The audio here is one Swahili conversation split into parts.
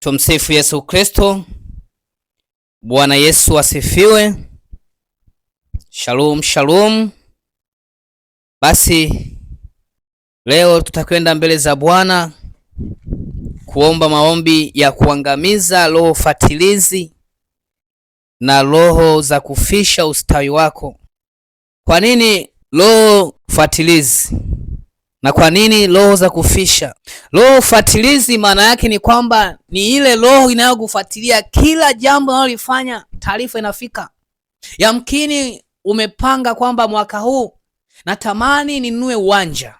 Tumsifu Yesu Kristo. Bwana Yesu asifiwe. Shalom, shalom. Basi leo tutakwenda mbele za Bwana kuomba maombi ya kuangamiza roho fatilizi na roho za kufisha ustawi wako. Kwa nini roho fatilizi? Na kwa nini roho za kufisha? Roho ufuatilizi maana yake ni kwamba ni ile roho inayokufuatilia kila jambo unalolifanya, taarifa inafika. Yamkini umepanga kwamba mwaka huu natamani ninunue uwanja.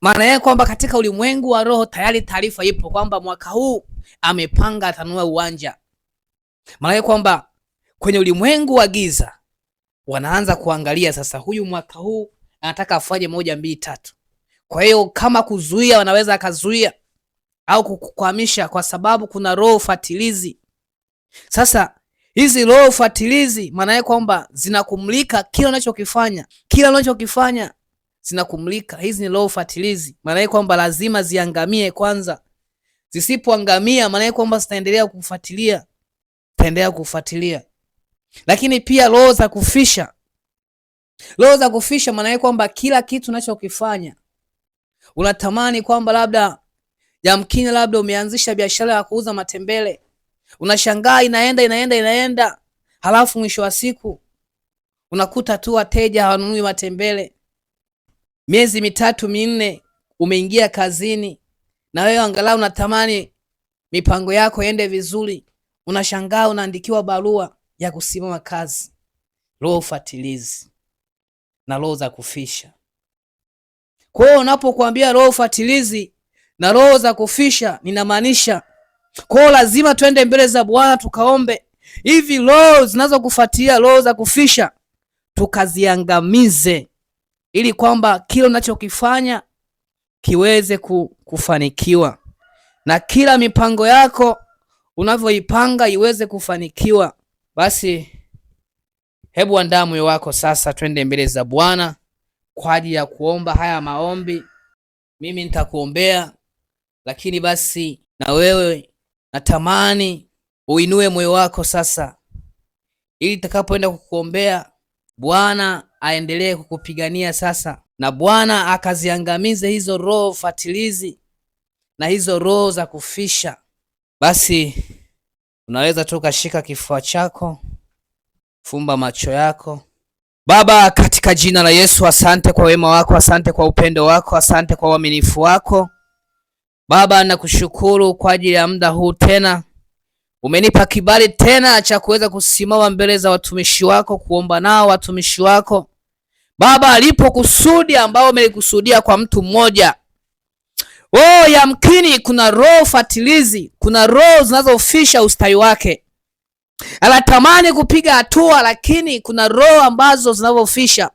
Maana yake kwamba katika ulimwengu wa roho tayari taarifa ipo kwamba mwaka huu amepanga atanunua uwanja. Maana yake kwamba kwenye ulimwengu wa giza wanaanza kuangalia sasa, huyu mwaka huu anataka afanye moja, mbili, tatu. Kwa hiyo kama kuzuia, wanaweza akazuia au kukukwamisha, kwa sababu kuna roho fatilizi. Sasa hizi roho fatilizi maana yake kwamba zinakumlika kila unachokifanya, kila unachokifanya zinakumlika. Hizi ni roho fatilizi, maana yake kwamba lazima ziangamie kwanza. Zisipoangamia maana yake kwamba zitaendelea kufuatilia, zitaendelea kufuatilia. Lakini pia roho za kufisha, roho za kufisha maana yake kwamba kila kitu unachokifanya unatamani kwamba labda yamkini, labda umeanzisha biashara ya kuuza matembele, unashangaa inaenda inaenda inaenda, halafu mwisho wa siku unakuta tu wateja hawanunui matembele. Miezi mitatu minne umeingia kazini, na wewe angalau unatamani mipango yako iende vizuri, unashangaa unaandikiwa barua ya kusimama kazi. Roho ufatilizi na roho za kufisha kwa hiyo unapokuambia roho fatilizi na roho za kufisha, ninamaanisha kwa hiyo lazima twende mbele za Bwana tukaombe hivi roho zinazokufuatia, roho za kufisha tukaziangamize, ili kwamba kila unachokifanya kiweze kufanikiwa na kila mipango yako unavyoipanga iweze kufanikiwa. Basi hebu andaa moyo wako sasa, twende mbele za Bwana kwa ajili ya kuomba haya maombi. Mimi nitakuombea, lakini basi na wewe natamani uinue moyo wako sasa, ili takapoenda kukuombea Bwana aendelee kukupigania sasa, na Bwana akaziangamize hizo roho fatilizi na hizo roho za kufisha. Basi unaweza tu ukashika kifua chako, fumba macho yako. Baba, katika jina la Yesu, asante kwa wema wako, asante kwa upendo wako, asante kwa uaminifu wako. Baba, nakushukuru kwa ajili ya muda huu tena, umenipa kibali tena cha kuweza kusimama mbele za watumishi wako, kuomba nao watumishi wako Baba, alipo kusudi ambao umelikusudia kwa mtu mmoja oh, yamkini kuna roho fatilizi, kuna roho zinazofisha ustawi wake anatamani kupiga hatua, lakini kuna roho ambazo zinazofisha,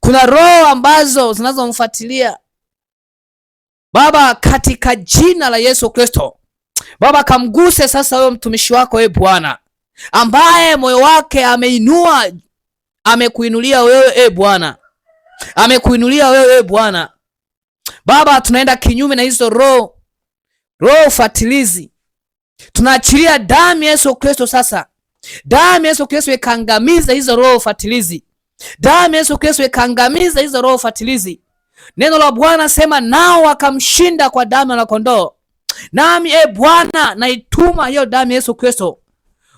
kuna roho ambazo zinazomfuatilia. Baba, katika jina la Yesu Kristo, Baba kamguse sasa huyo mtumishi wako, e Bwana, ambaye moyo wake ameinua, amekuinulia wewe, e Bwana, amekuinulia wewe, e Bwana. Baba, tunaenda kinyume na hizo roho, roho fatilizi Tunaachilia damu ya Yesu Kristo sasa. Damu ya Yesu Kristo ikaangamiza hizo roho fatilizi. Damu ya Yesu Kristo ikaangamiza hizo roho fatilizi. Neno la Bwana sema nao wakamshinda kwa damu ya kondoo. Nami e Bwana, naituma hiyo damu ya Yesu Kristo.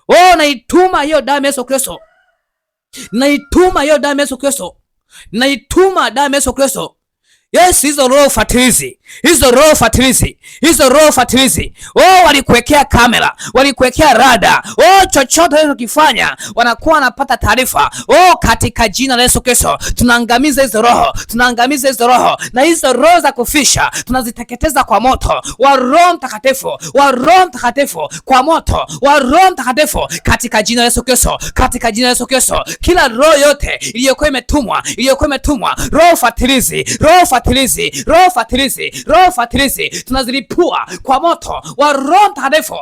Oh, naituma hiyo damu ya Yesu Kristo. Naituma hiyo damu ya Yesu Kristo. Naituma damu ya Yesu Kristo. Yes, hizo roho fatilizi, hizo roho fatilizi, hizo roho fatilizi. Oh, walikuwekea kamera, walikuwekea rada. Oh, chochote wanachokifanya wanakuwa wanapata taarifa. Oh, katika jina la Yesu Kristo tunaangamiza hizo roho, tunaangamiza hizo roho, na hizo roho za kufisha tunaziteketeza kwa moto wa Roho Mtakatifu, wa Roho Mtakatifu, kwa moto wa Roho Mtakatifu, katika jina la Yesu Kristo, katika jina la Yesu Kristo. Kila roho yote iliyokuwa imetumwa, iliyokuwa imetumwa roho fatilizi, roho fatilizi, roho fatilizi, roho fatilizi, tunazilipua kwa moto wa Roho Mtakatifu,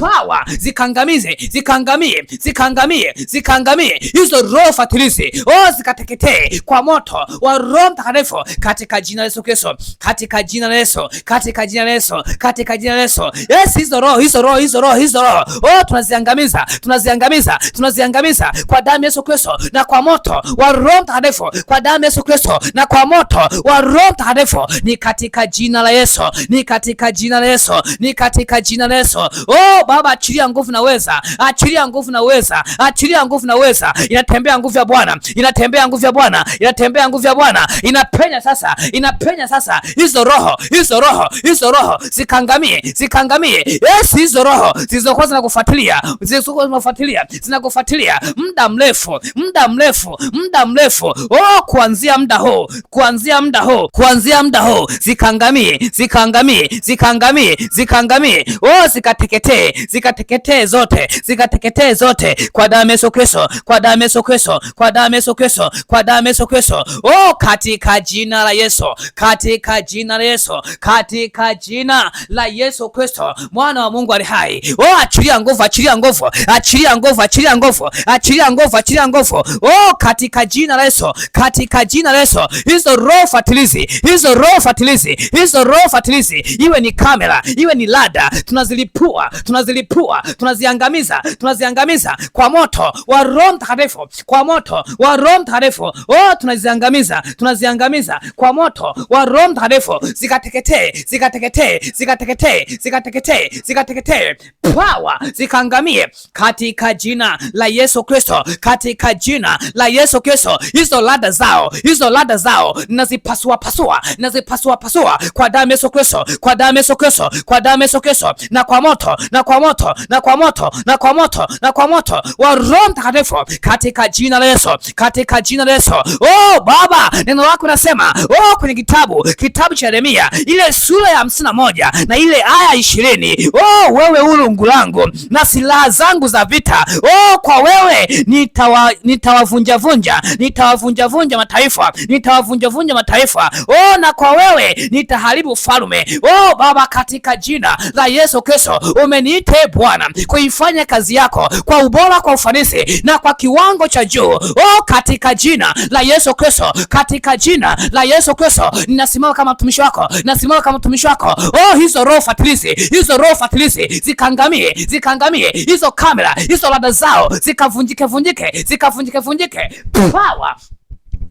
pawa zikangamize, zikangamie, zikangamie, zikangamie hizo roho fatilizi, oh, zikateketee kwa moto wa Roho Mtakatifu katika jina la Yesu Kristo, katika jina la Yesu, katika jina la Yesu, katika jina la Yesu. Yes, hizo roho, hizo roho, hizo roho, hizo roho, oh, tunaziangamiza, tunaziangamiza, tunaziangamiza kwa damu ya Yesu Kristo na kwa moto wa Roho Mtakatifu, kwa damu ya Yesu Kristo na kwa moto wa roho Lord ni katika jina la Yesu, ni katika jina la Yesu, ni katika jina la Yesu. Oh Baba, achilia nguvu na uweza, achilia nguvu na uweza, achilia nguvu na uweza. Inatembea nguvu ya Bwana, inatembea nguvu ya Bwana, inatembea nguvu ya Bwana, inapenya sasa, inapenya sasa. Hizo roho, hizo roho, hizo roho zikangamie, zikangamie. Yes, hizo roho zilizokuwa zinakufuatilia, zilizokuwa zinakufuatilia, zinakufuatilia muda mrefu, muda mrefu, muda mrefu. Oh, kuanzia muda huu, kuanzia muda huu kuanzia muda huu zikangamie, zikangamie, zikangamie, zikangamie, oh, zikateketee, zikateketee zote, zikateketee zote kwa damu ya Yesu Kristo, kwa damu ya Yesu Kristo, kwa damu ya Yesu Kristo, kwa damu ya Yesu Kristo, oh, katika jina la Yesu, katika jina la Yesu, katika jina la Yesu Kristo, mwana wa Mungu ali hai, oh, achilia nguvu, achilia nguvu, achilia nguvu, achilia nguvu, achilia nguvu, achilia nguvu, oh, katika jina la Yesu, katika jina la Yesu, hizo roho fatilizi fatilizi, hizo roho fatilizi, hizo roho fatilizi, iwe ni kamera, iwe ni lada, tunazilipua, tunazilipua, tunaziangamiza, tunaziangamiza kwa moto wa Roho Mtakatifu, kwa moto wa Roho Mtakatifu. Oh, tunaziangamiza, tunaziangamiza kwa moto wa Roho Mtakatifu, zikateketee, zikateketee, zikateketee, zikateketee, zikateketee, pawa zikaangamie katika jina la Yesu Kristo, katika jina la Yesu Kristo. Hizo lada zao, hizo lada zao nazipasua pasua, nazipasua pasua kwa damu Yesu Kristo, kwa damu Yesu Kristo, kwa damu Yesu Kristo, na kwa moto, na kwa moto, na kwa moto, na kwa moto, na kwa moto wa Roho Mtakatifu katika jina la Yesu, katika jina la Yesu. Oh Baba, neno lako nasema, oh kwenye kitabu kitabu cha Yeremia ile sura ya hamsini na moja na ile aya ishirini oh wewe ulungu langu na silaha zangu za vita, oh kwa wewe nitawa nitawavunjavunja nitawavunjavunja mataifa nitawavunjavunja mataifa oh, na kwa wewe nitaharibu falme. Oh Baba, katika jina la Yesu Kristo, umeniite Bwana kuifanya kazi yako kwa ubora, kwa ufanisi na kwa kiwango cha juu. Oh, katika jina la Yesu Kristo, katika jina la Yesu Kristo, ninasimama kama mtumishi wako, nasimama kama mtumishi wako. Oh, hizo roho fatilisi hizo roho fatilisi zikangamie, zikangamie, hizo kamera, hizo lada zao zikavunjike, vunjike, zikavunjike, vunjike, power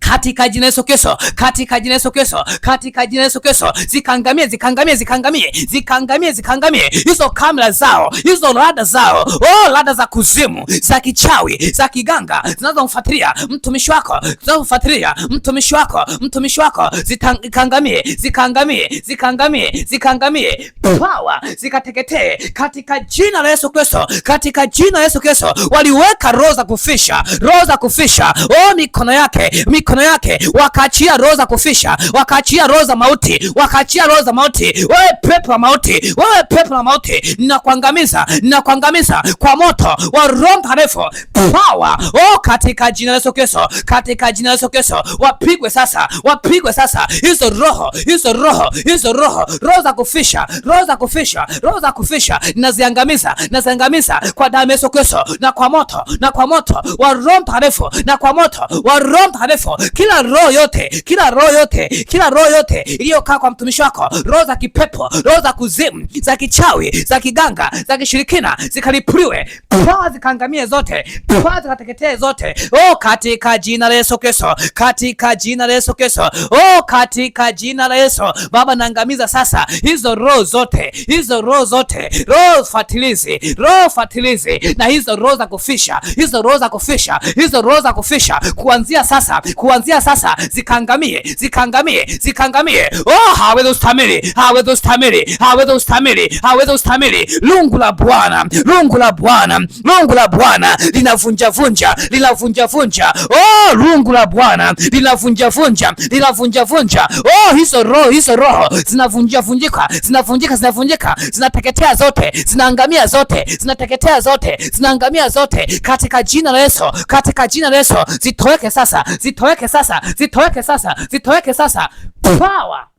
katika jina Yesu Kristo, katika jina Yesu Kristo, katika jina Yesu Kristo, zikangamie, zikangamie, zikangamie, zikangamie, zikangamie hizo kamla zao, hizo rada zao, oh, rada za kuzimu, za kichawi, za kiganga zinazomfuatilia mtumishi wako, zinazomfuatilia mtumishi wako, mtumishi wako, zikangamie, zikangamie, zikangamie zikangamie, pawa zikateketee katika jina la Yesu Kristo, katika jina la Yesu Kristo. Waliweka roho za kufisha, roho za kufisha, oh, mikono yake mikono mikono yake, wakaachia roho za kufisha, wakaachia roho za mauti, wakaachia roho za mauti. Wewe pepo wa mauti, wewe pepo wa mauti, ninakuangamiza, ninakuangamiza kwa moto wa roho mtakatifu, power oh, katika jina la Yesu Kristo, katika jina la Yesu Kristo, wapigwe sasa, wapigwe sasa, hizo roho, hizo roho, hizo roho, roho za kufisha, roho za kufisha, roho za kufisha, naziangamiza, naziangamiza kwa damu ya Yesu Kristo, na kwa moto, na kwa moto wa roho mtakatifu, na kwa moto wa roho mtakatifu kila roho yote, kila roho yote, kila roho yote iliyokaa kwa mtumishi wako, roho za kipepo, roho za kuzimu, za kichawi, za kiganga, za kishirikina, zikalipuliwe paa, zikaangamie zote, paa zikateketee zote, oh, katika jina la Yesu Kristo, katika jina la Yesu Kristo, oh, katika jina la Yesu Baba, naangamiza sasa hizo roho zote, hizo roho zote, roho fatilizi, roho fatilizi, na hizo roho za kufisha, hizo roho za kufisha, hizo roho za kufisha kuanzia sasa ku kuanzia sasa zikaangamie, zikaangamie, zikaangamie. Oh, hawezi ustamili, hawezi ustamili, hawezi ustamili, hawezi ustamili. Lungu la Bwana, lungu la Bwana, lungu la Bwana linavunja vunja, linavunja vunja. Oh, lungu la Bwana linavunja vunja, linavunja vunja. Oh, hizo roho, hizo roho zinavunja vunjika, zinavunjika, zinavunjika, zinateketea zote, zinaangamia zote, zinateketea zote, zinaangamia zote, katika jina la Yesu, katika jina la Yesu zitoweke sasa, zitoweke zitoweke sasa, zitoweke sasa, zitoweke sasa. Power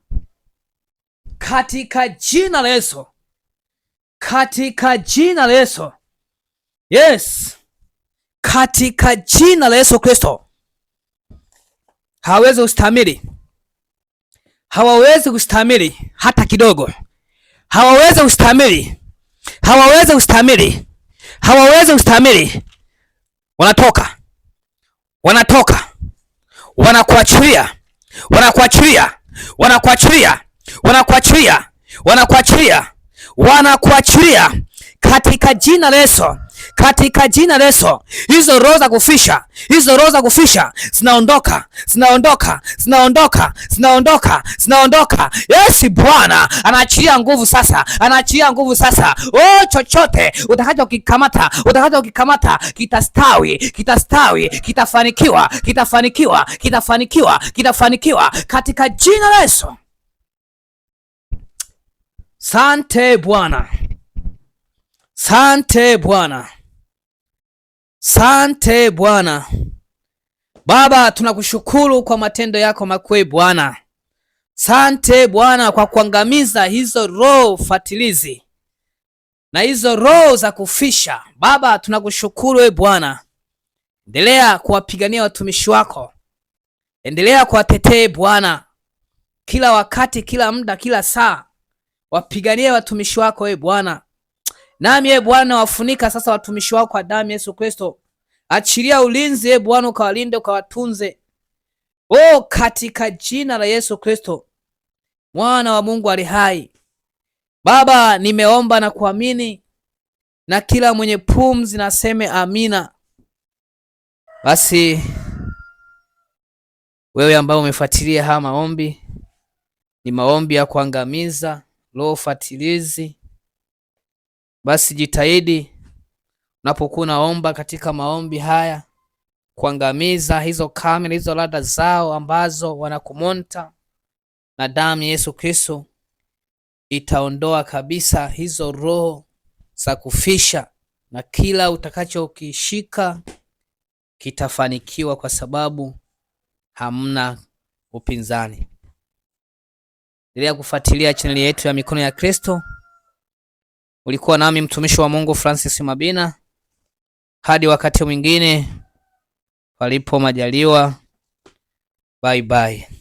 katika jina la Yesu, katika jina la Yesu. Yes, katika jina la Yesu Kristo. Hawezi kustamili, hawawezi kustamili hata kidogo, hawawezi kustamili, hawawezi kustamili, hawawezi kustamili, wanatoka wanatoka wanakuachilia, wanakuachilia, wanakuachilia, wanakuachilia, wanakuachilia, wanakuachilia katika jina la Yesu katika jina la Yesu. Hizo roho za kufisha, hizo roho za kufisha zinaondoka, zinaondoka, zinaondoka, zinaondoka, zinaondoka. yesi Bwana anaachilia nguvu sasa, anaachilia nguvu sasa. Oh, chochote utakacho kikamata, utakacho kikamata kitastawi, kitastawi, kitafanikiwa, kitafanikiwa, kitafanikiwa, kitafanikiwa katika jina la Yesu. Sante Bwana. Sante Bwana, sante Bwana. Baba, tunakushukuru kwa matendo yako makuu Bwana. Sante Bwana kwa kuangamiza hizo roho fatilizi na hizo roho za kufisha. Baba, tunakushukuru e Bwana, endelea kuwapigania watumishi wako, endelea kuwatetee Bwana kila wakati, kila muda, kila saa, wapiganie watumishi wako e Bwana Nami e Bwana, wafunika sasa watumishi wako kwa damu Yesu Kristo. Achilia ulinzi e Bwana, ukawalinde ukawatunze, o katika jina la Yesu Kristo, mwana wa Mungu ali hai. Baba, nimeomba na kuamini, na kila mwenye pumzi naseme amina. Basi wewe ambao umefuatilia haya maombi, ni maombi ya kuangamiza roho fatilizi basi jitahidi unapokuwa unaomba katika maombi haya kuangamiza hizo kame na hizo lada zao ambazo wanakumonta, na damu Yesu Kristo itaondoa kabisa hizo roho za kufisha, na kila utakachokishika kitafanikiwa kwa sababu hamna upinzani. Endelea kufuatilia chaneli yetu ya Mikono ya Kristo. Ulikuwa nami mtumishi wa Mungu Francis Mabina. Hadi wakati mwingine, palipo majaliwa. Bye bye.